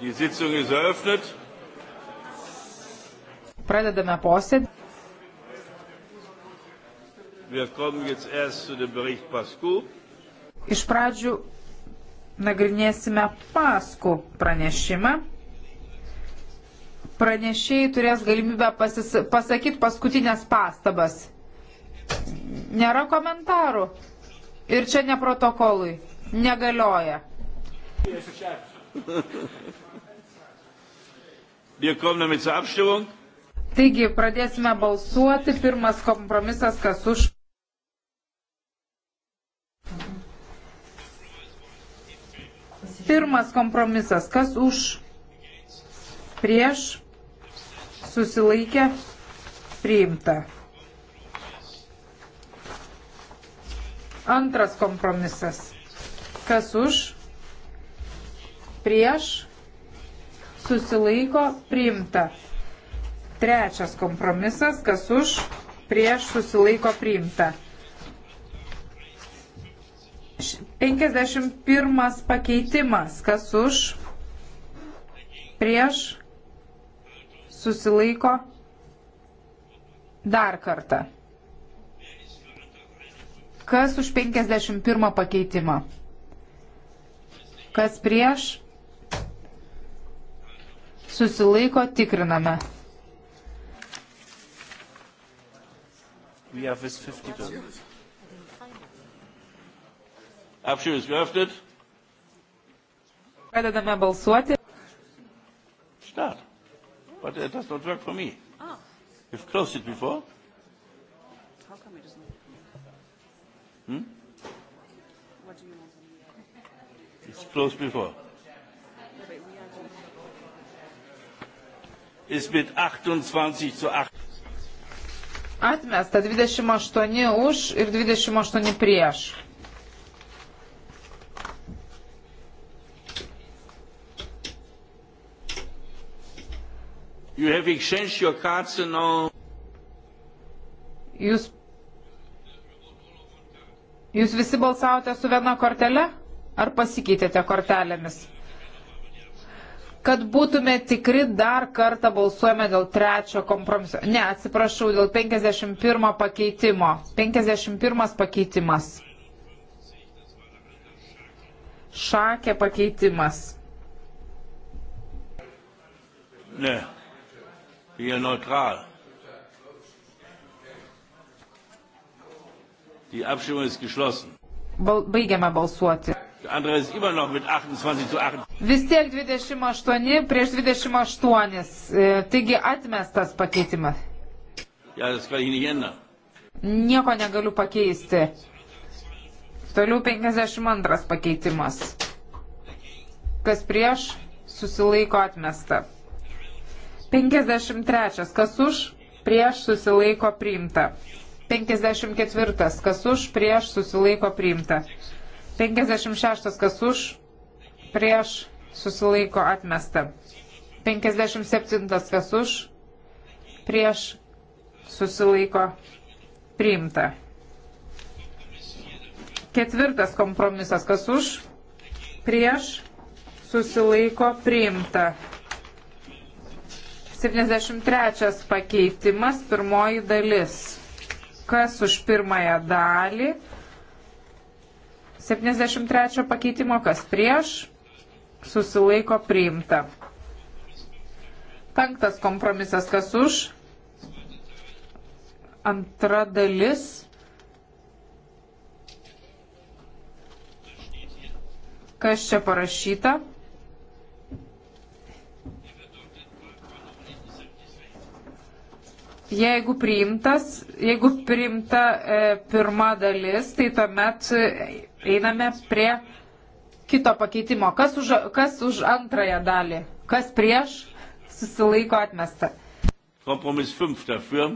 Die Sitzung ist eröffnet. Pradedame posėdį. Iš pradžių nagrinėsime paskų pranešimą. Pranešėjai turės galimybę pasakyti paskutinės pastabas. Nėra komentarų. Ir čia ne protokolui. Negalioja. Taigi, pradėsime balsuoti. Pirmas kompromisas, kas už. Pirmas kompromisas, kas už. Prieš. Susilaikę. Priimta. Antras kompromisas. Kas už, prieš, susilaiko, priimta. Trečias kompromisas. Kas už, prieš, susilaiko, priimta. 51 pakeitimas. Kas už, prieš, susilaiko, priimta. Dar kartą. Kas už 51 pakeitimą? Kas prieš? Susilaiko, tikriname. We have this 52. Abstimmung ist geöffnet. Pradedame balsuoti. Start. But it does not work for me. Ah. You've closed it before. How come it doesn't? Hmm? What do you want? It's closed before. Ist mit 28 zu 8. Atmesta 28 už ir 28 prieš. You have exchanged your cards and all. Jūs Jūs visi balsavote su viena kortele? Ar pasikeitėte kortelėmis? Kad būtume tikri, dar kartą balsuojame dėl trečio kompromiso. Ne, atsiprašau, dėl 51 pakeitimo. 51 pakeitimas. Šakė pakeitimas. Ne. Jie neutral. Die Abstimmung ist geschlossen. Bal baigiame balsuoti. Vis tiek 28 prieš 28. E, taigi atmestas pakeitimas. Ja, Nieko negaliu pakeisti. Toliau 52 pakeitimas. Kas prieš, susilaiko atmesta. 53. Kas už, prieš, susilaiko priimta. 54. Kas už, prieš, susilaiko priimta. 56. Kas už, prieš, susilaiko atmesta. 57. Kas už, prieš, susilaiko priimta. Ketvirtas kompromisas. Kas už, prieš, susilaiko priimta. 73 pakeitimas, pirmoji dalis. Kas už pirmąją dalį 73 pakeitimo, kas prieš, susilaiko priimta. Penktas kompromisas, kas už, antra dalis. Kas čia parašyta? Jeigu priimtas, jeigu priimta e, pirma dalis, tai tuomet e, einame prie kito pakeitimo. Kas už, kas už antrąją dalį? Kas prieš? Susilaiko atmesta. Kompromis 5 dafür.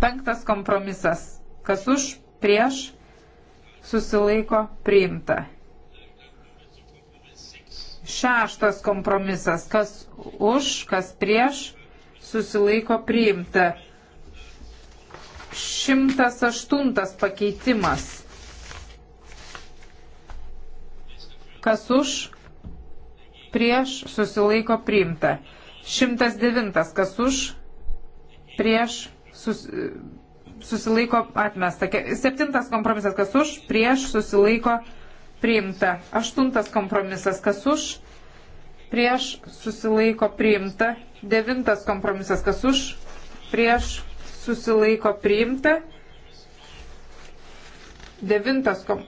Penktas kompromisas. Kas už? Prieš? Susilaiko priimta. Šeštas kompromisas. Kas už, kas prieš, susilaiko priimta. 108 pakeitimas. Kas už, prieš, susilaiko priimta. 109 kas už, prieš, sus, susilaiko atmesta. 7 kompromisas kas už, prieš, susilaiko priimta. 8 kompromisas kas už, prieš, susilaiko priimta. 9 kompromisas kas už, prieš, susilaiko priimta. Devintas, kom,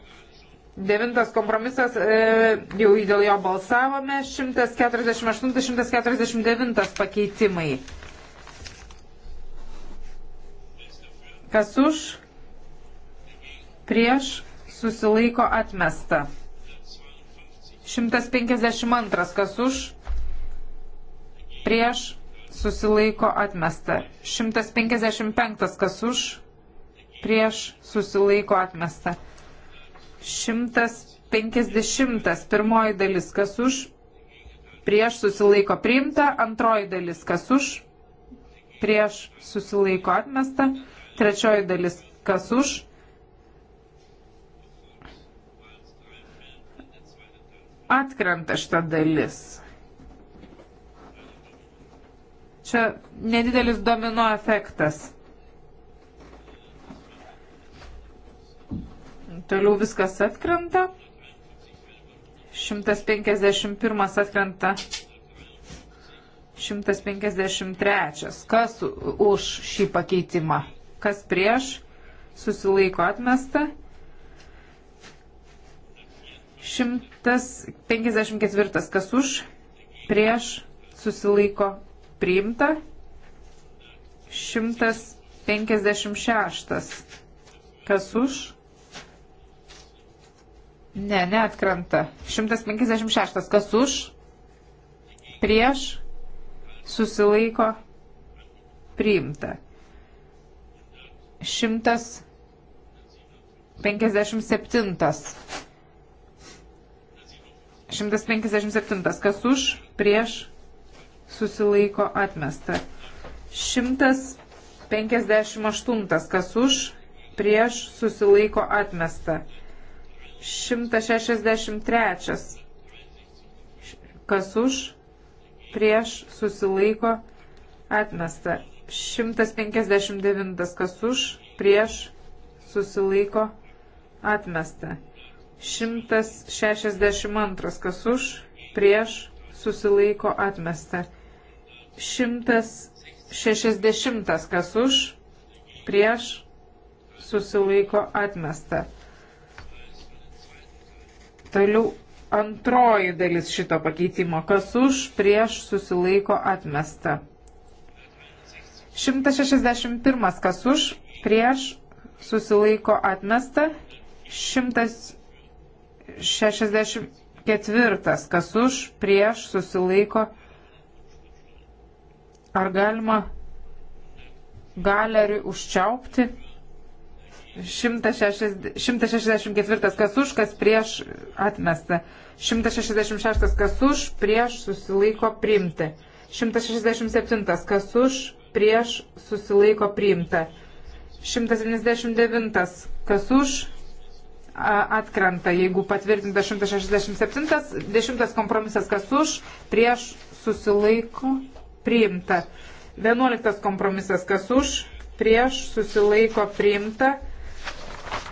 devintas kompromisas, e, jau dėl jo balsavome, 148-149 pakeitimai. Kas už, prieš, susilaiko atmesta. 152 kas už, prieš, susilaiko atmesta. 155 kas už, prieš susilaiko atmesta. 150 pirmoji dalis kas už, prieš susilaiko priimta, antroji dalis kas už, prieš susilaiko atmesta, trečioji dalis kas už. Atkrenta šita dalis. Čia nedidelis domino efektas. Toliau viskas atkrenta. 151 atkrenta. 153. Kas už šį pakeitimą? Kas prieš? Susilaiko atmesta. 154. Kas už? Prieš? Susilaiko priimta. 156. Kas už? Ne, neatkrenta. 156. Kas už? Prieš? Susilaiko? Priimta. 157. 157. Kas už? Prieš? susilaiko atmesta. 158 kas už, prieš susilaiko atmesta. 163 kas už, prieš susilaiko atmesta. 159 kas už, prieš susilaiko atmesta. 162 kas už, prieš susilaiko atmesta. 160 kas už, prieš, susilaiko atmesta. Toliau antroji dalis šito pakeitimo, kas už, prieš, susilaiko atmesta. 161 kas už, prieš, susilaiko atmesta. 164 kas už, prieš, susilaiko atmesta. Ar galima galeriui užčiaupti? 164 kas už, kas prieš atmesta. 166 kas už, prieš susilaiko priimti. 167 kas už, prieš susilaiko priimta. 179 kas už atkrenta, jeigu patvirtinta 167, 10 kompromisas kas už, prieš susilaiko priimta priimta. 11 kompromisas, kas už, prieš, susilaiko priimta.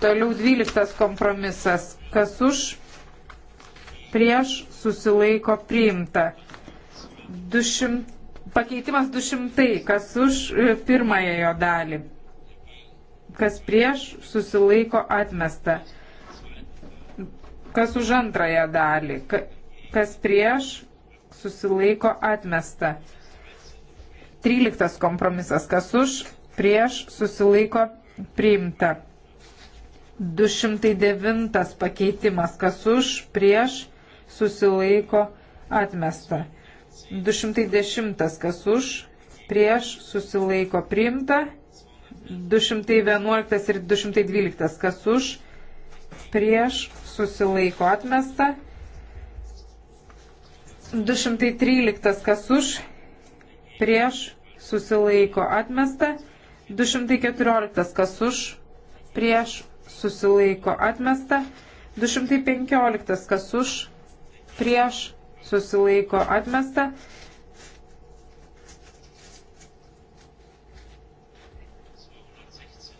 Toliau 12 kompromisas, kas už, prieš, susilaiko priimta. 200, pakeitimas 200, kas už e, pirmąją jo dalį, kas prieš, susilaiko atmesta. Kas už antrąją dalį, kas prieš, susilaiko atmesta. 13 kompromisas, kas už, prieš, susilaiko, priimta. 209 pakeitimas, kas už, prieš, susilaiko, atmesta. 210 kas už, prieš, susilaiko, priimta. 211 ir 212 kas už, prieš, susilaiko, atmesta. 213 kas už, prieš, susilaiko atmesta. 214 kas už, prieš, susilaiko atmesta. 215 kas už, prieš, susilaiko atmesta.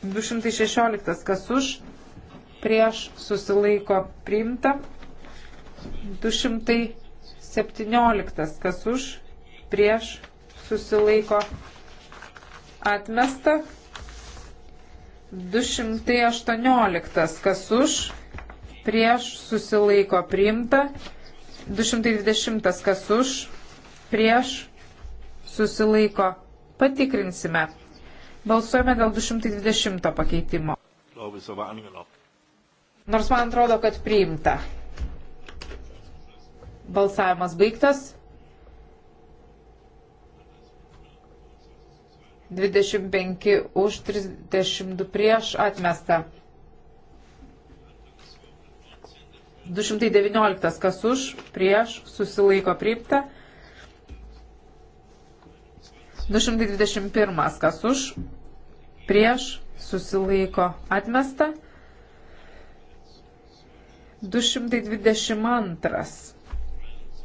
Du šimtai šešioliktas kas už, prieš susilaiko priimta. 217 kas už, prieš susilaiko atmesta. 218, kas už, prieš susilaiko priimta. 220, kas už, prieš susilaiko patikrinsime. Balsuojame dėl 220 pakeitimo. Nors man atrodo, kad priimta. Balsavimas baigtas. 25 už 32 prieš atmesta. 219 kas už, prieš, susilaiko priimta. 221 kas už, prieš, susilaiko atmesta. 222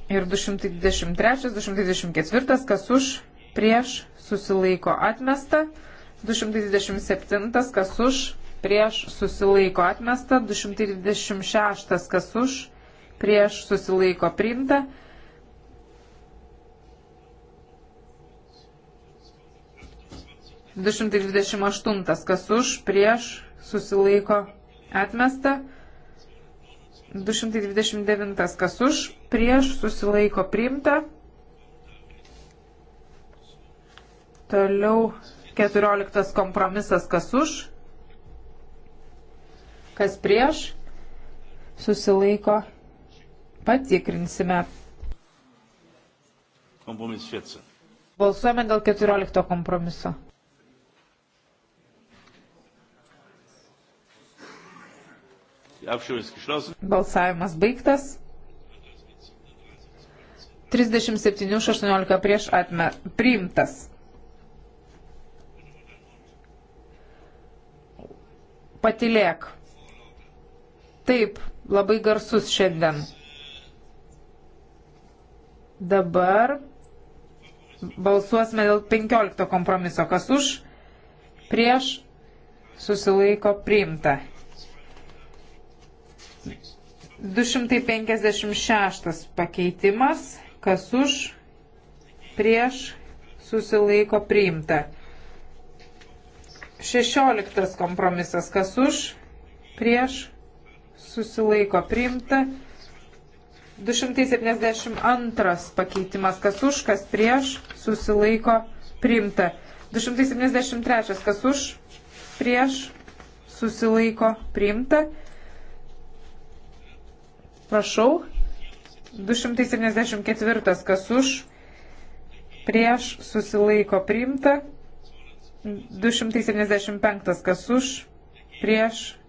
ir 223, 224 kas už, prieš, susilaiko atmesta, 227 kas už, prieš susilaiko atmesta, 226 kas už, prieš susilaiko priimta. Du šimtai dvidešimt aštuntas, kas už, prieš, susilaiko, atmesta. 229 kas už, prieš susilaiko priimta, Toliau 14 kompromisas kas už, kas prieš, susilaiko, patikrinsime. Kompromis 14. Balsuojame dėl 14 kompromiso. Balsavimas baigtas. 37 už 18 prieš atme priimtas. patilėk. Taip, labai garsus šiandien. Dabar balsuosime dėl 15 kompromiso. Kas už, prieš, susilaiko priimta. 256 pakeitimas. Kas už, prieš, susilaiko priimta. 16 kompromisas, kas už, prieš, susilaiko priimta. 272 pakeitimas, kas už, kas prieš, susilaiko priimta. 273 kas už, prieš, susilaiko priimta. Prašau. 274 kas už, prieš, susilaiko priimta. 275 kas už, prieš,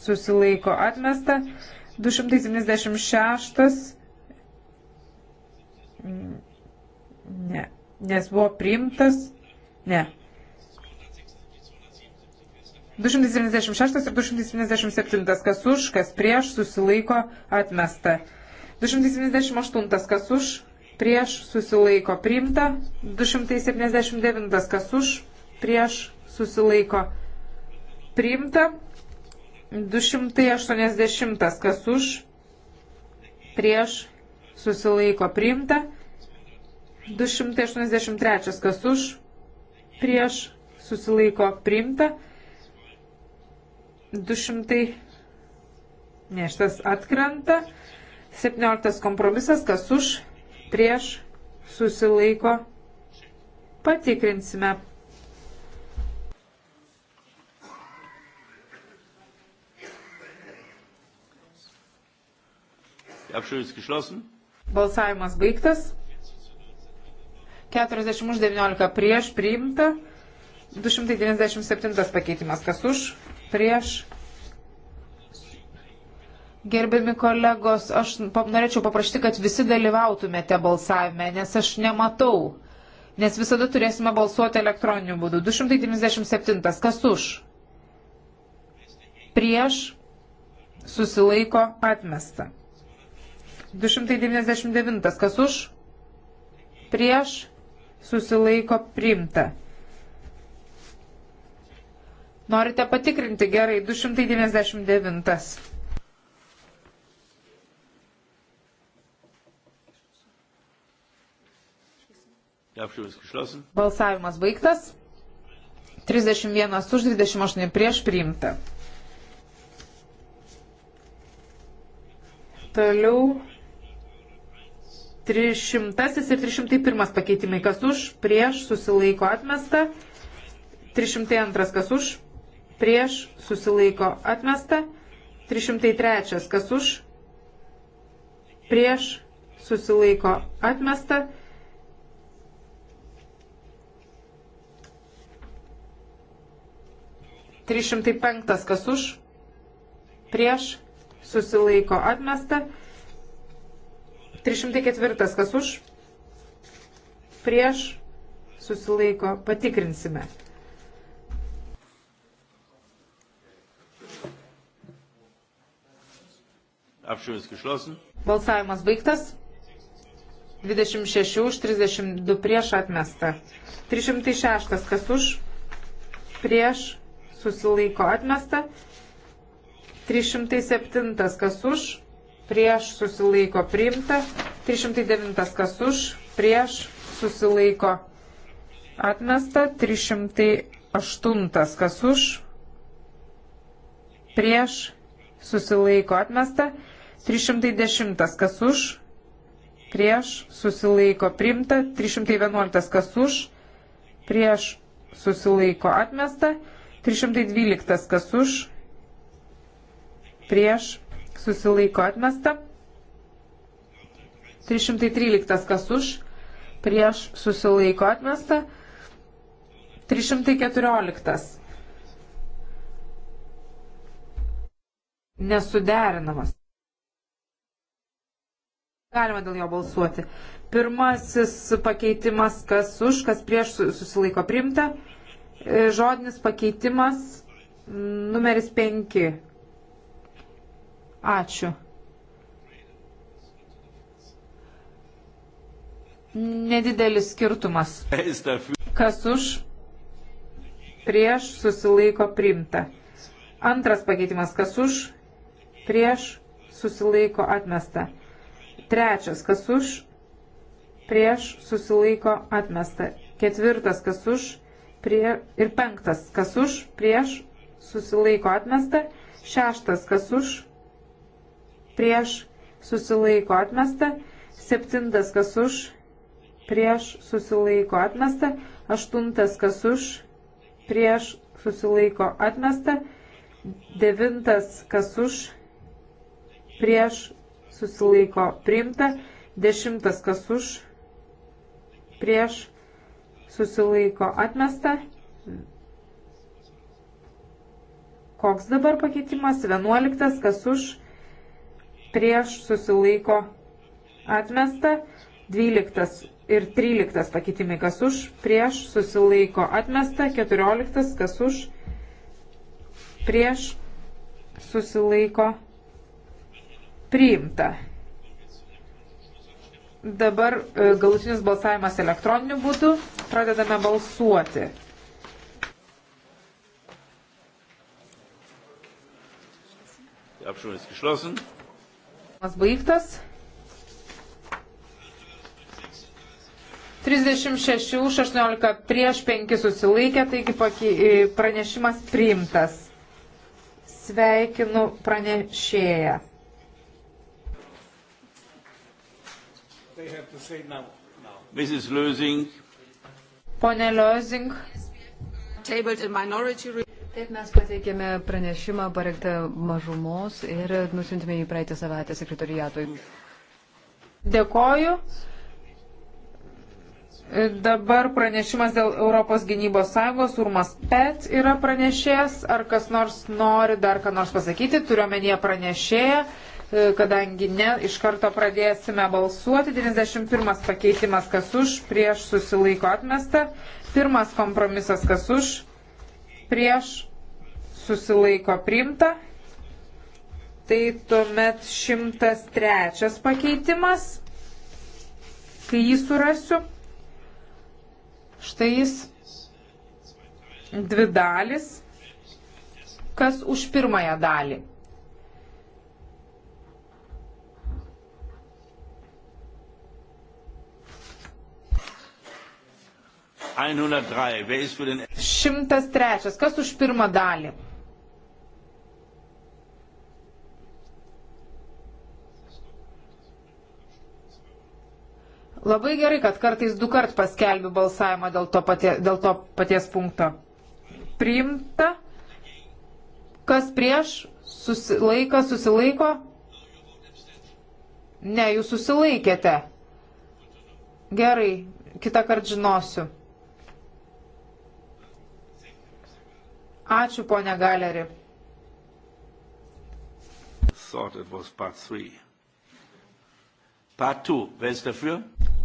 susilaiko atmesta. 276 ne, nes buvo priimtas, ne. 276 ir 277 kas už, kas prieš, susilaiko atmesta. 278 kas už, prieš susilaiko priimta, 279 kas už, prieš susilaiko priimta. 280 kas už prieš susilaiko priimta. 283 kas už prieš susilaiko priimta. 200 ne šitas atkrenta. 17 kompromisas kas už prieš susilaiko priimta patikrinsime. Balsavimas baigtas. 40 už 19 prieš priimta. 297 pakeitimas. Kas už? Prieš. Gerbiami kolegos, aš norėčiau paprašyti, kad visi dalyvautumėte balsavime, nes aš nematau. Nes visada turėsime balsuoti elektroniniu būdu. 297. Kas už? Prieš. Susilaiko atmesta. 299. Kas už? Prieš susilaiko priimta. Norite patikrinti gerai 299. Balsavimas baigtas. 31 už 28 prieš priimta. Toliau 300 ir 301 pakeitimai, kas už, prieš, susilaiko atmesta. 302 kas už, prieš, susilaiko atmesta. 303 kas už, prieš, susilaiko atmesta. Trys šimtai penktas kas už, prieš, susilaiko atmesta. 304. Kas už? Prieš susilaiko. Patikrinsime. Balsavimas baigtas. 26 už 32 prieš atmesta. 306 kas už prieš susilaiko atmesta. 307 kas už prieš susilaiko priimta, 309 kas už, prieš susilaiko atmesta, 308 kas už, prieš susilaiko atmesta, 310 kas už, prieš susilaiko priimta, 311 kas už, prieš susilaiko atmesta, 312 kas už, prieš susilaiko atmesta. 313 kas už, prieš susilaiko atmesta. 314 nesuderinamas. Galima dėl jo balsuoti. Pirmasis pakeitimas, kas už, kas prieš susilaiko primta. E, žodinis pakeitimas numeris 5. Ačiū. Nedidelis skirtumas. Kas už, prieš, susilaiko primta. Antras pakeitimas, kas už, prieš, susilaiko atmesta. Trečias, kas už, prieš, susilaiko atmesta. Ketvirtas, kas už, prie, ir penktas, kas už, prieš, susilaiko atmesta. Šeštas, kas už, prieš susilaiko atmesta, septintas kas už, prieš susilaiko atmesta, aštuntas kas už, prieš susilaiko atmesta, devintas kas už, prieš susilaiko priimta, dešimtas kas už, prieš susilaiko atmesta. Koks dabar pakeitimas? Vienuoliktas kas už, prieš susilaiko atmesta, 12 ir 13 pakitimai kas už, prieš susilaiko atmesta, 14 kas už, prieš susilaiko priimta. Dabar e, galutinis balsavimas elektroniniu būdu. Pradedame balsuoti. Die Abstimmung ist geschlossen. Balsavimas baigtas. 36 už 18 prieš 5 susilaikė, taigi e, pranešimas priimtas. Sveikinu pranešėją. Pone Liozing. Taip mes pateikėme pranešimą parengtą mažumos ir nusintėme į praeitą savaitę sekretoriatui. Dėkoju. Dabar pranešimas dėl Europos gynybos sąjungos, Urmas Pet yra pranešėjas, ar kas nors nori dar ką nors pasakyti, turiuomenyje pranešėją, kadangi ne, iš karto pradėsime balsuoti. 91 pakeitimas kas už, prieš susilaiko atmesta, pirmas kompromisas kas už, prieš susilaiko primta. Tai tuomet 103 pakeitimas, kai jį surasiu. Štai jis dvi dalis. Kas už pirmąją dalį? 103. Kas už pirmą dalį? Labai gerai, kad kartais du kart paskelbi balsavimą dėl to, patie, dėl to paties punkto. Priimta. Kas prieš? Susilaika, susilaiko? Ne, jūs susilaikėte. Gerai, kitą kartą žinosiu. Ačiū, ponė Galeri.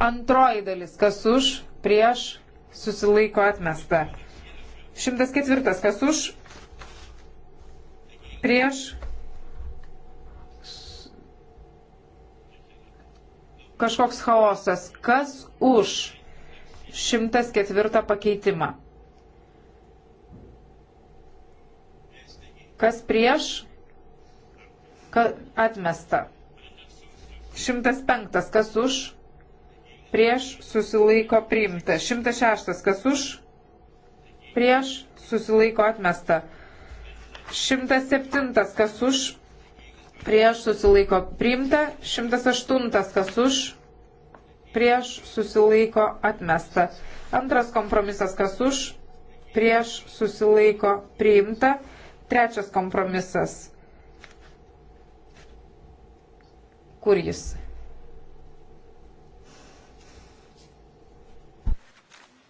Antroji dalis, kas už, prieš, susilaiko atmesta. 104, kas už, prieš, kažkoks chaosas. Kas už 104 pakeitimą? Kas prieš? Kas atmesta. 105. Kas už? Prieš susilaiko priimta. 106. Kas už? Prieš susilaiko atmesta. 107. Kas už? Prieš susilaiko priimta. 108. Kas už? Prieš susilaiko atmesta. Antras kompromisas. Kas už? Prieš susilaiko priimta. Trečias kompromisas. Kur jis?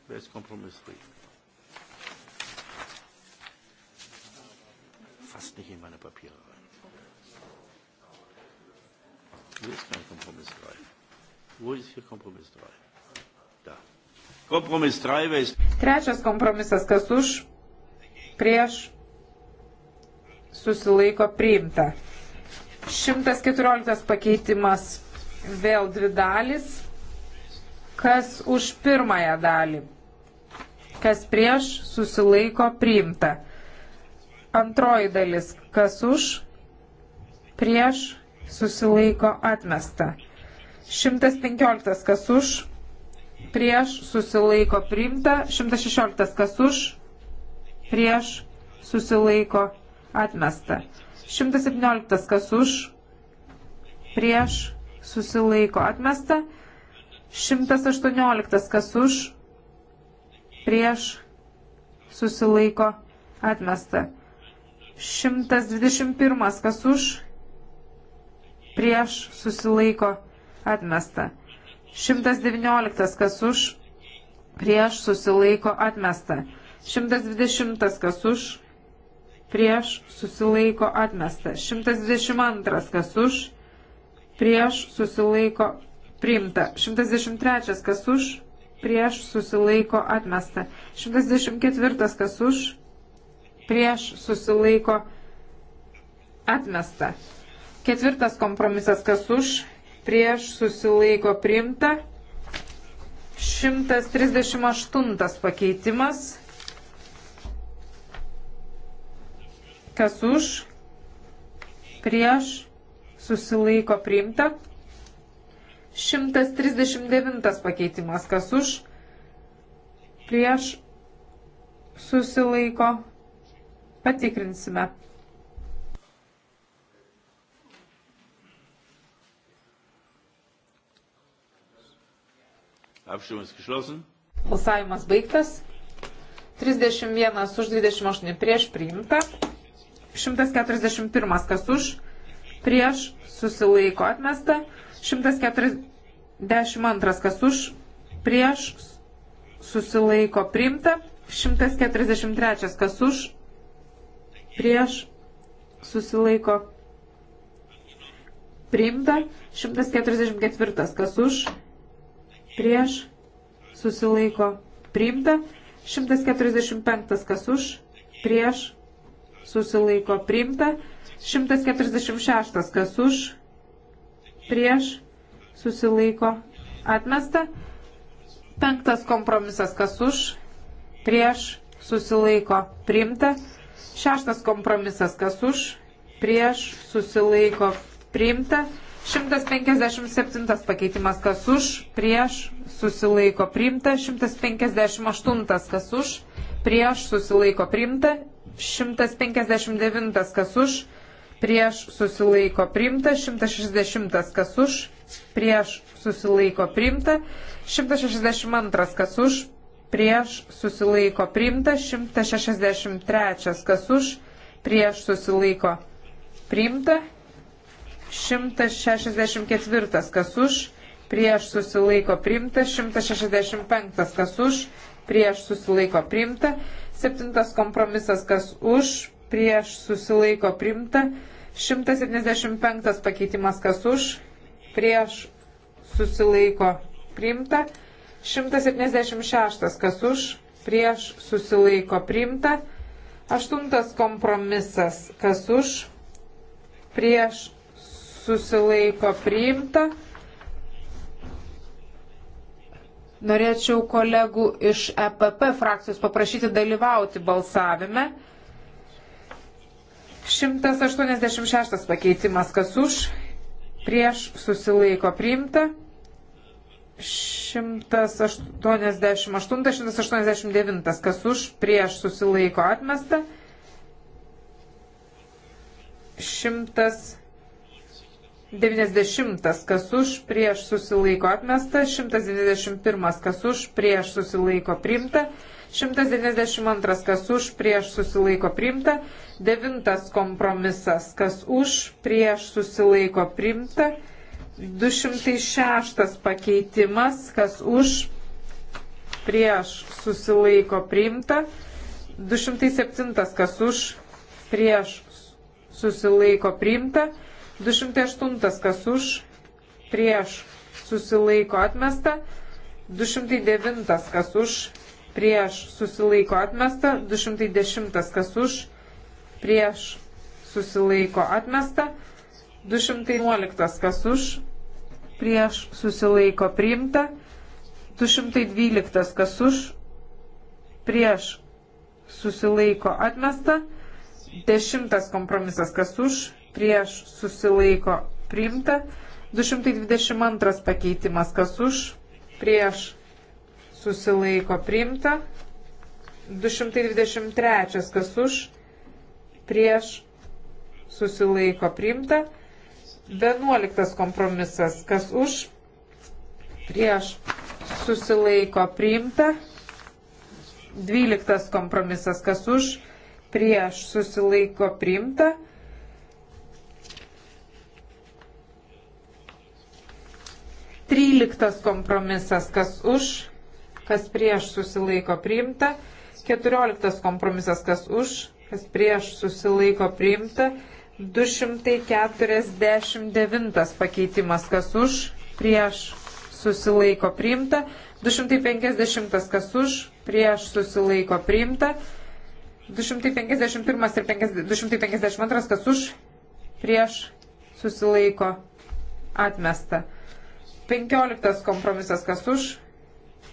Bez kompromisu. Tai- Fast nicht in meine Papiere rein. Hier ist kein Kompromiss 3. Wo ist hier Kompromiss 3? Da. Kompromiss 3 wer ist. Trečias kompromisas, kas už, prieš, susilaiko priimta. 114 pakeitimas vėl dvi dalis. Kas už pirmąją dalį? Kas prieš susilaiko priimta. Antroji dalis. Kas už prieš susilaiko atmesta. 115 kas už prieš susilaiko priimta. 116 kas už prieš susilaiko Atmesta. 117. Kas už? Prieš. Susilaiko. Atmesta. 118. Kas už? Prieš. Susilaiko. Atmesta. 121. Kas už? Prieš. Susilaiko. Atmesta. 119. Kas už? Prieš. Susilaiko. Atmesta. 120. Kas už? prieš susilaiko atmesta. 122 kas už, prieš susilaiko priimta. 123 kas už, prieš susilaiko atmesta. 124 kas už, prieš susilaiko atmesta. Ketvirtas kompromisas kas už, prieš susilaiko priimta. 138 pakeitimas Kas už, prieš, susilaiko priimta. 139 pakeitimas. Kas už, prieš, susilaiko. Patikrinsime. Apšimas išklausim. Balsavimas baigtas. 31 už 28 prieš priimta. 141 kas už, prieš susilaiko atmesta, 142 kas už, prieš susilaiko priimta, 143 kas už, prieš susilaiko priimta, 144 kas už, prieš susilaiko priimta, 145 kas už, prieš susilaiko priimta. 146 kas už, prieš, susilaiko atmesta. Penktas kompromisas kas už, prieš, susilaiko priimta. Šeštas kompromisas kas už, prieš, susilaiko priimta. 157 pakeitimas kas už, prieš, susilaiko priimta. 158 kas už, prieš, susilaiko priimta. 159 kas už, prieš susilaiko priimta, 160 kas už, prieš susilaiko priimta, 162 kas už, prieš susilaiko priimta, 163 kas už, prieš susilaiko priimta, 164 kas už, prieš susilaiko priimta, 165 kas už, prieš susilaiko priimta, Septintas kompromisas, kas už, prieš susilaiko primta. 175 pakeitimas, kas už, prieš susilaiko primta. 176 kas už, prieš susilaiko primta. Aštuntas kompromisas, kas už, prieš susilaiko priimta. Norėčiau kolegų iš EPP frakcijos paprašyti dalyvauti balsavime. 186 pakeitimas, kas už, prieš susilaiko priimta. 188, 189, kas už, prieš susilaiko atmesta. 100. 90 kas už prieš susilaiko atmesta, 191 kas už prieš susilaiko priimta, 192 kas už prieš susilaiko priimta, 9 kompromisas kas už prieš susilaiko priimta, 206 pakeitimas kas už prieš susilaiko priimta, 207 kas už prieš susilaiko priimta, 208 kas už, prieš susilaiko atmesta, 209 kas už, prieš susilaiko atmesta, 210 kas už, prieš susilaiko atmesta, 211 kas už, prieš susilaiko priimta, 212 kas už, prieš susilaiko atmesta, 10 kompromisas kas už, prieš susilaiko priimta. 222 pakeitimas, kas už, prieš susilaiko priimta. 223 kas už, prieš susilaiko priimta. 11 kompromisas, kas už, prieš susilaiko priimta. 12 kompromisas, kas už, prieš susilaiko priimta. 13 kompromisas, kas už, kas prieš susilaiko priimta. 14 kompromisas, kas už, kas prieš susilaiko priimta. 249 pakeitimas, kas už, prieš susilaiko priimta. 250 kas už, prieš susilaiko priimta. 251 ir 252 kas už, prieš susilaiko atmesta. 15 kompromisas kas už,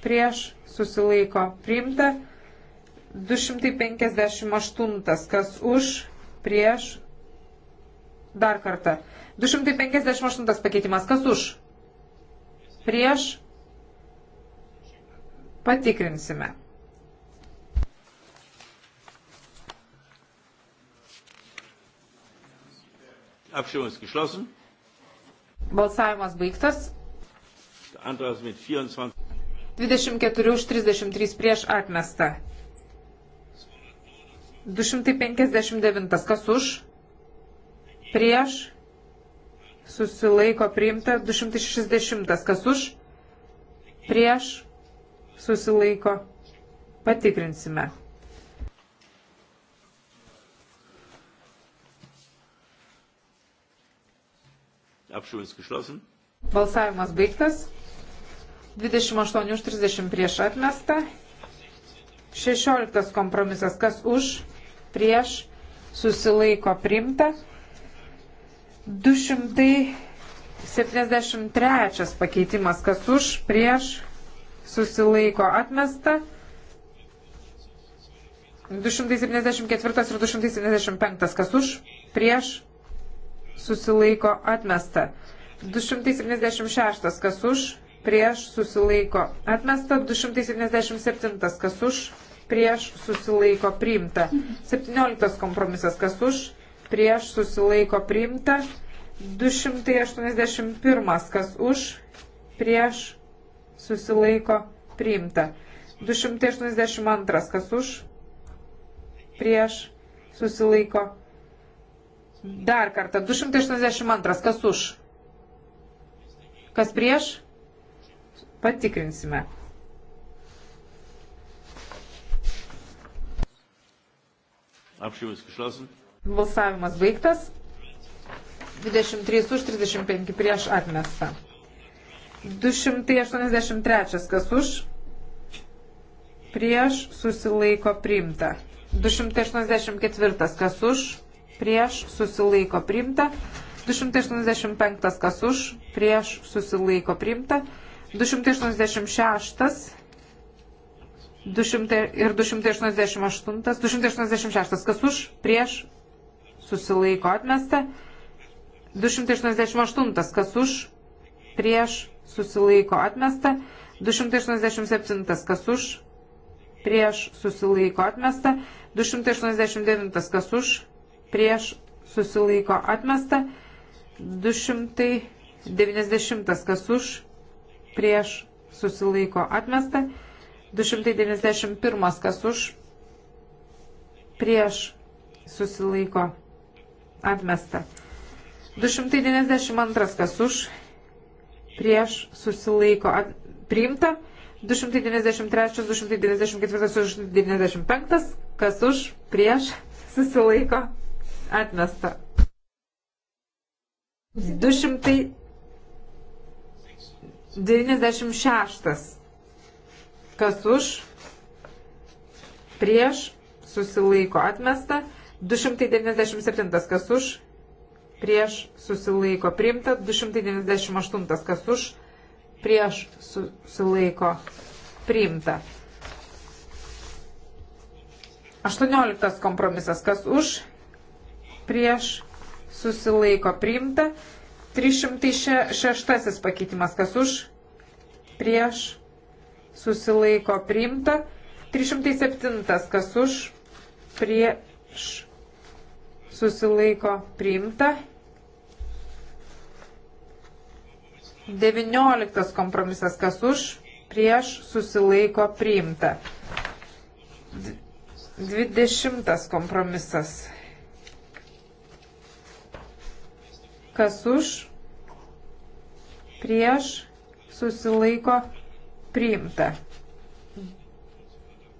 prieš susilaiko priimta. 258 kas už, prieš. Dar kartą. 258 pakeitimas kas už, prieš. Patikrinsime. Abstimmung ist geschlossen. Balsavimas baigtas. Antrasis mit 24. 24 už 33 prieš atmestą. 259. Kas už? Prieš. Susilaiko priimta. 260. Kas už? Prieš. Susilaiko. Patikrinsime. Balsavimas baigtas. 28 už 30 prieš atmestą. 16 kompromisas, kas už, prieš, susilaiko primta. 273 pakeitimas, kas už, prieš, susilaiko atmesta. 274 ir 275, kas už, prieš, susilaiko atmesta. 276, kas už, prieš susilaiko atmesta, 277 kas už, prieš susilaiko priimta, 17 kompromisas kas už, prieš susilaiko priimta, 281 kas už, prieš susilaiko priimta, 282 kas už, prieš susilaiko priimta. Dar kartą, 282, kas už? Kas prieš? Patikrinsime. Balsavimas baigtas. 23 už 35 prieš atmestą. 283 kas už, prieš susilaiko priimta. 284 kas už, prieš susilaiko priimta. 285 kas už, prieš susilaiko priimta. 286 200 ir 288, 286, kas už, prieš, susilaiko atmesta, 288, kas už, prieš, susilaiko atmesta, 287, kas už, prieš, susilaiko atmesta, 289, kas už, prieš, susilaiko atmesta, 290, kas už, prieš susilaiko atmesta, 291 kas už, prieš susilaiko atmesta, 292 kas už, prieš susilaiko at, priimta, 293, 294, 295 kas už, prieš susilaiko atmesta. 200 96. Kas už, prieš, susilaiko atmesta. 297. Kas už, prieš, susilaiko priimta. 298. Kas už, prieš, susilaiko priimta. 18. Kompromisas. Kas už, prieš, susilaiko priimta. 306 pakeitimas, kas už, prieš, susilaiko priimta. 307 kas už, prieš, susilaiko priimta. 19 kompromisas kas už, prieš, susilaiko priimta. 20 kompromisas kas už, prieš, susilaiko, priimta.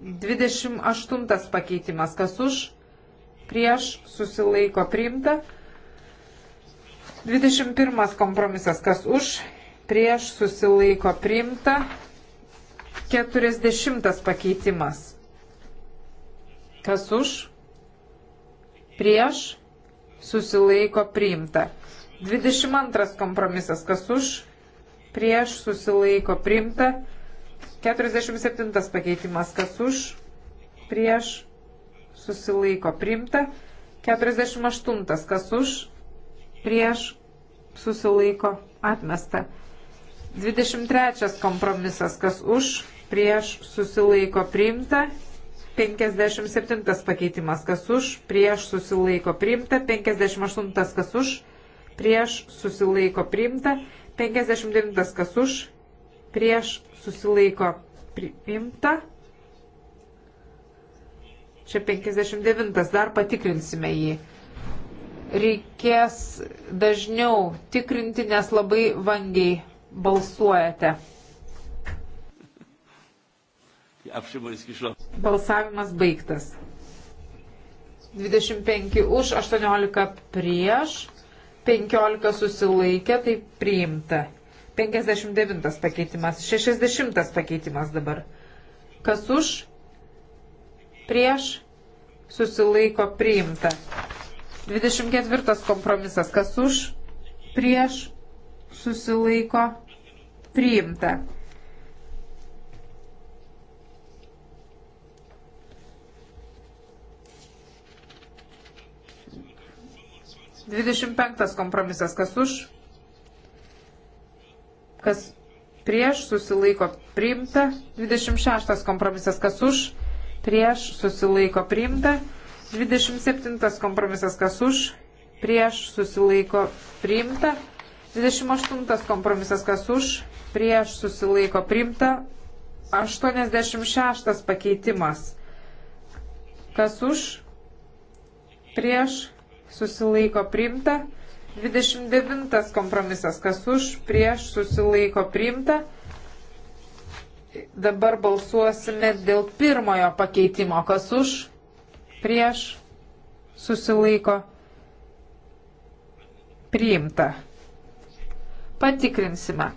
28 pakeitimas, kas už, prieš, susilaiko, priimta. 21 kompromisas, kas už, prieš, susilaiko, priimta. 40 pakeitimas, kas už, prieš, susilaiko, priimta. 22 kompromisas, kas už, prieš, susilaiko, priimta. 47 pakeitimas, kas už, prieš, susilaiko, priimta. 48 kas už, prieš, susilaiko, atmesta. 23 kompromisas, kas už, prieš, susilaiko, priimta. 57 pakeitimas, kas už, prieš, susilaiko, priimta. 58 kas už, prieš susilaiko priimta, 59 kas už, prieš susilaiko priimta. Čia 59 dar patikrinsime jį. Reikės dažniau tikrinti, nes labai vangiai balsuojate. Balsavimas baigtas. 25 už, 18 prieš. 15 susilaikė, tai priimta. 59 pakeitimas, 60 pakeitimas dabar. Kas už, prieš, susilaiko priimta. 24 kompromisas, kas už, prieš, susilaiko priimta. 25 kompromisas, kas už, kas prieš, susilaiko priimta. 26 kompromisas, kas už, prieš, susilaiko priimta. 27 kompromisas, kas už, prieš, susilaiko priimta. 28 kompromisas, kas už, prieš, susilaiko priimta. 86 pakeitimas. Kas už, prieš, susilaiko priimta. 29 kompromisas, kas už, prieš, susilaiko priimta. Dabar balsuosime dėl pirmojo pakeitimo, kas už, prieš, susilaiko priimta. Patikrinsime.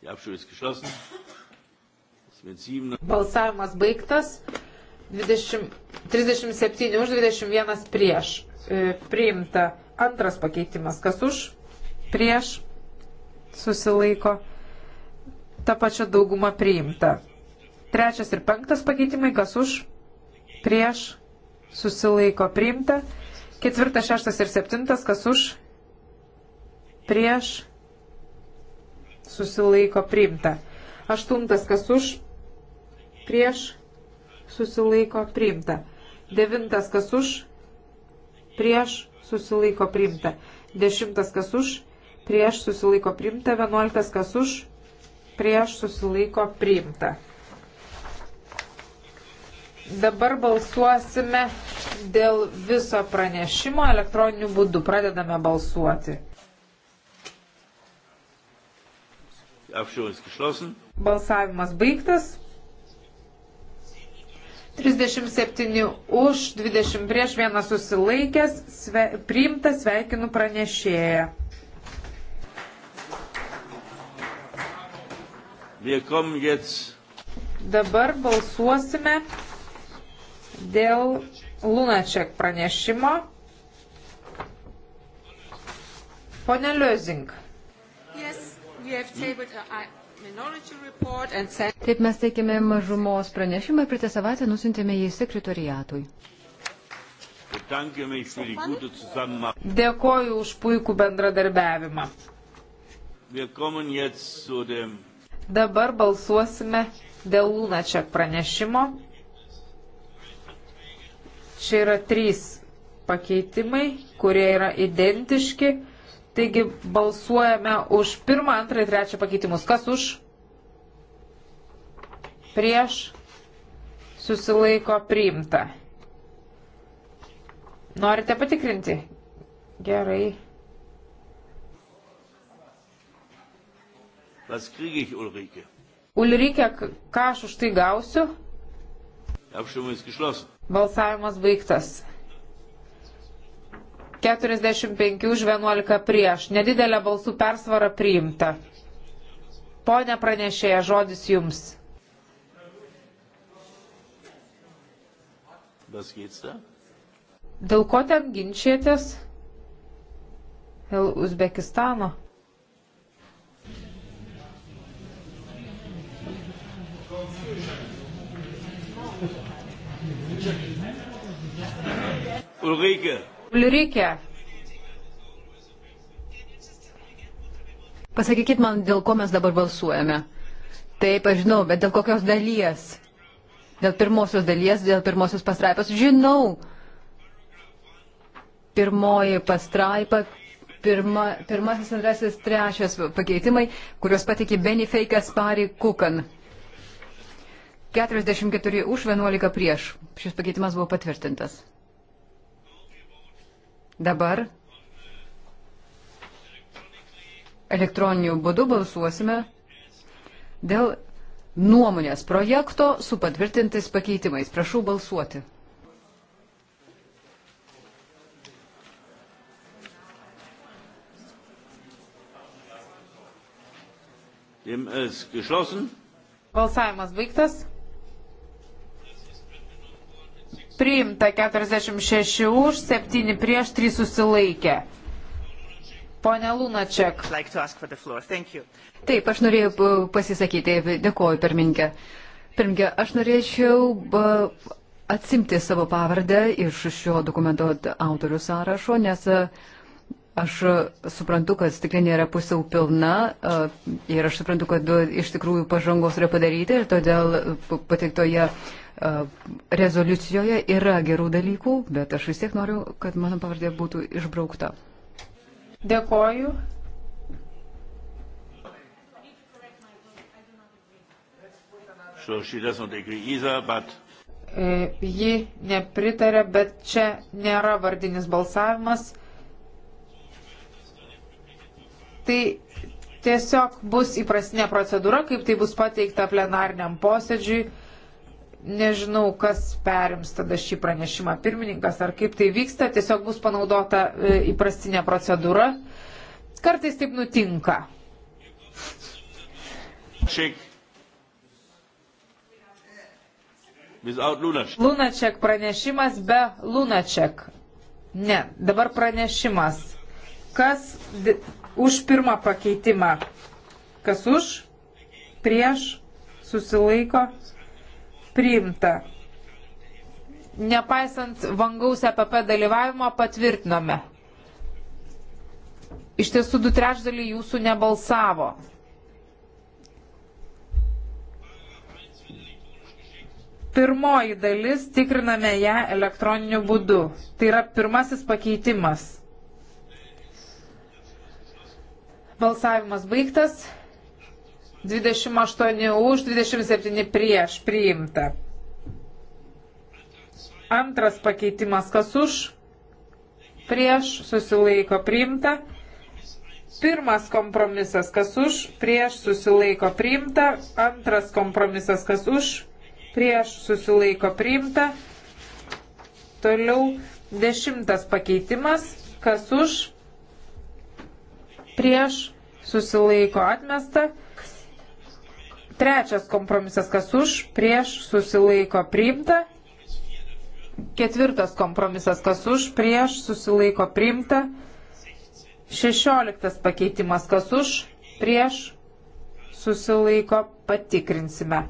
Die Abstimmung ist geschlossen. Balsavimas baigtas. 20, 37 už 21 prieš. E, priimta antras pakeitimas. Kas už? Prieš. Susilaiko. Ta pačia dauguma priimta. Trečias ir penktas pakeitimai. Kas už? Prieš. Susilaiko. Priimta. Ketvirtas, šeštas ir septintas. Kas už? Prieš. Susilaiko. Priimta. Aštuntas. Kas už? prieš, susilaiko priimta. Devintas kas už, prieš, susilaiko priimta. Dešimtas kas už, prieš, susilaiko priimta. Vienuoliktas kas už, prieš, susilaiko priimta. Dabar balsuosime dėl viso pranešimo elektroniniu būdu. Pradedame balsuoti. Balsavimas baigtas. 37 už, 20 prieš, vienas susilaikęs, sve, priimta, sveikinu pranešėją. Dabar balsuosime dėl Lunaček pranešimo. Pone Liozink. Yes, we have tabled her. I... Taip mes teikėme mažumos pranešimą ir pritę savaitę nusintėme jį sekretoriatui. Dėkoju už puikų bendradarbiavimą. Dabar balsuosime dėl Lunačiak pranešimo. Čia yra trys pakeitimai, kurie yra identiški. Taigi balsuojame už pirmą, antrą ir trečią pakeitimus. Kas už? Prieš susilaiko priimta. Norite patikrinti? Gerai. Was kriege ich, Ulrike? Ulrike, ką aš už tai gausiu? Balsavimas baigtas. 45 už 11 prieš. Nedidelė balsų persvara priimta. Pone pranešėja, žodis jums. Dėl ko ten ginčijatės? Dėl Uzbekistano? Ulrike. Ulrike. Pasakykit man, dėl ko mes dabar balsuojame. Taip, aš žinau, bet dėl kokios dalies? Dėl pirmosios dalies, dėl pirmosios pastraipos. Žinau. Pirmoji pastraipa, pirma, pirmasis, antrasis, trečias pakeitimai, kuriuos patikė Benifeikas Pari Kukan. 44 už, 11 prieš. Šis pakeitimas buvo patvirtintas. Dabar elektroniniu būdu balsuosime dėl nuomonės projekto su patvirtintais pakeitimais. Prašau balsuoti. Balsavimas baigtas. Priimta 46 už, 7 prieš, 3 susilaikė. Pone Lunačiak. Like Taip, aš norėjau e, pasisakyti, dėkoju pirmininkė. Pirmininkė, aš norėčiau e, atsimti savo pavardę iš šio dokumento autorių sąrašo, nes e, aš suprantu, kad stiklinė yra pusiau pilna ir aš suprantu, kad iš tikrųjų pažangos yra padaryti ir todėl pateiktoje rezoliucijoje yra gerų dalykų, bet aš vis tiek noriu, kad mano pavardė būtų išbraukta. Dėkoju. So either, but... e, ji nepritarė, bet čia nėra vardinis balsavimas. Tai tiesiog bus įprastinė procedūra, kaip tai bus pateikta plenarniam posėdžiui. Nežinau, kas perims tada šį pranešimą pirmininkas ar kaip tai vyksta, tiesiog bus panaudota e, įprastinė procedūra. Kartais taip nutinka. Šiek. Lunaček pranešimas be Lunaček. Ne, dabar pranešimas. Kas už pirmą pakeitimą? Kas už? Prieš? Susilaiko? priimta. Nepaisant vangaus EPP dalyvavimo patvirtinome. Iš tiesų du trečdaliai jūsų nebalsavo. Pirmoji dalis tikriname ją elektroniniu būdu. Tai yra pirmasis pakeitimas. Balsavimas baigtas. 28 už, 27 prieš priimta. Antras pakeitimas, kas už, prieš, susilaiko priimta. Pirmas kompromisas, kas už, prieš, susilaiko priimta. Antras kompromisas, kas už, prieš, susilaiko priimta. Toliau dešimtas pakeitimas, kas už, prieš, susilaiko atmesta. Trečias kompromisas, kas už, prieš, susilaiko priimta. Ketvirtas kompromisas, kas už, prieš, susilaiko priimta. Šešioliktas pakeitimas, kas už, prieš, susilaiko patikrinsime.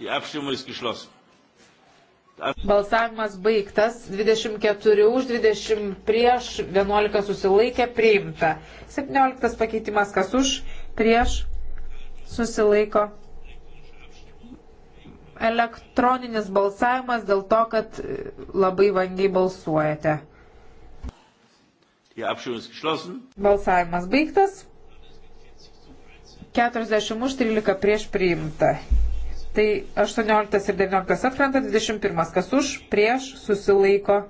Die Abstimmung ist geschlossen. Balsavimas baigtas. 24 už, 20 prieš, 11 susilaikė, priimta. 17 pakeitimas kas už, prieš, susilaiko. Elektroninis balsavimas dėl to, kad labai vangiai balsuojate. Balsavimas baigtas. 40 už 13 prieš priimta. Tai 18 ir 19 atkrenta, 21 kas už, prieš susilaiko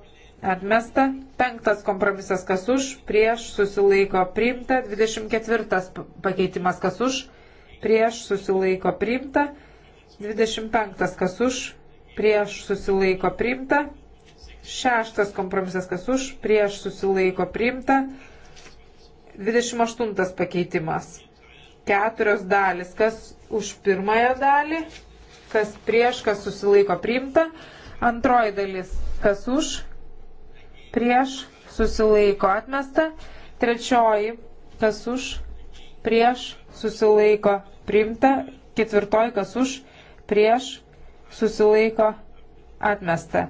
atmesta, 5 kompromisas kas už, prieš susilaiko priimta, 24 pakeitimas kas už, prieš susilaiko priimta, 25 kas už, prieš susilaiko priimta, 6 kompromisas kas už, prieš susilaiko priimta, 28 pakeitimas. Keturios dalis, kas už pirmąją dalį, kas prieš, kas susilaiko priimta. Antroji dalis, kas už, prieš, susilaiko atmesta. Trečioji, kas už, prieš, susilaiko priimta. Ketvirtoji, kas už, prieš, susilaiko atmesta.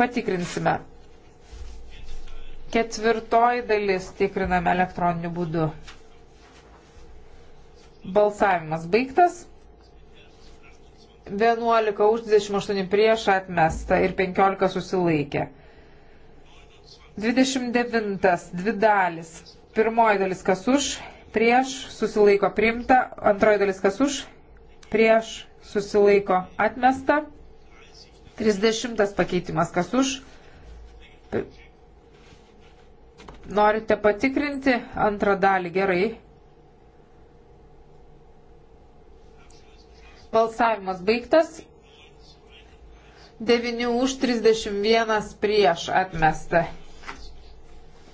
Patikrinsime. Ketvirtoji dalis tikriname elektroniniu būdu. Balsavimas baigtas. 11 už 28 prieš atmesta ir 15 susilaikė. 29. Dvi dalis. Pirmoji dalis kas už, prieš susilaiko primta, antroji dalis kas už, prieš susilaiko atmesta. 30. pakeitimas kas už. Norite patikrinti antrą dalį gerai. Balsavimas baigtas. 9 už 31 prieš atmesta.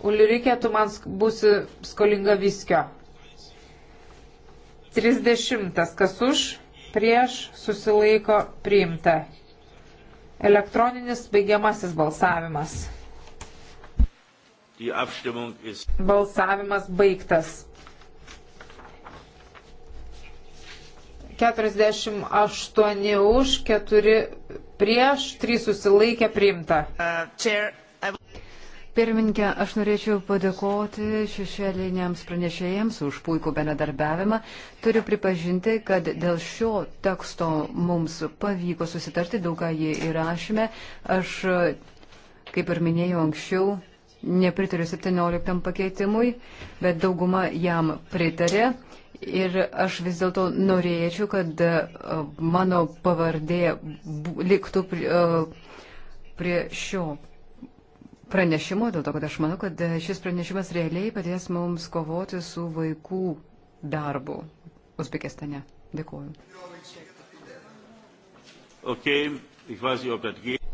Ulrike, tu man būsi skolinga viskio. 30. Kas už, prieš, susilaiko, priimta. Elektroninis baigiamasis balsavimas. Balsavimas baigtas. 48 už, 4 prieš, 3 susilaikė priimta. Uh, Pirminkė, aš norėčiau padėkoti šešėliniams pranešėjams už puikų bendradarbiavimą. Turiu pripažinti, kad dėl šio teksto mums pavyko susitarti, daug ką jį įrašėme. Aš, kaip ir minėjau anksčiau, nepritariu 17 pakeitimui, bet dauguma jam pritarė. Ir aš vis dėlto norėčiau, kad e, mano pavardė liktų prie, prie šio pranešimo, dėl to, kad aš manau, kad e, šis pranešimas realiai padės mums kovoti su vaikų darbu Uzbekistane. Dėkuoju. Okay.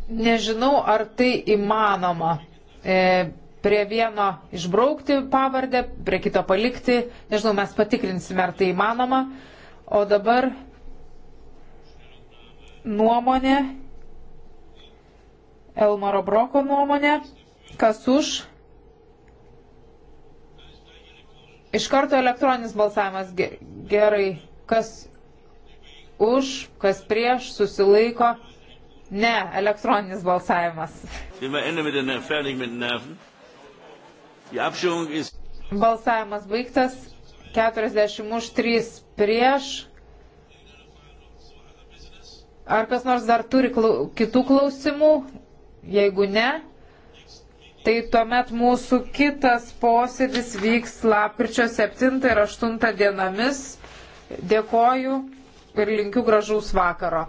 Nežinau, ar tai įmanoma. E, prie vieno išbraukti pavardę, prie kito palikti. Nežinau, mes patikrinsime, ar tai įmanoma. O dabar nuomonė, Elmaro Broko nuomonė, kas už. Iš karto elektroninis balsavimas gerai, kas už, kas prieš, susilaiko. Ne, elektroninis balsavimas. Balsavimas baigtas. 40 už 3 prieš. Ar kas nors dar turi klau, kitų klausimų? Jeigu ne, tai tuomet mūsų kitas posėdis vyks lapkričio 7 ir 8 dienomis. Dėkoju ir linkiu gražaus vakaro.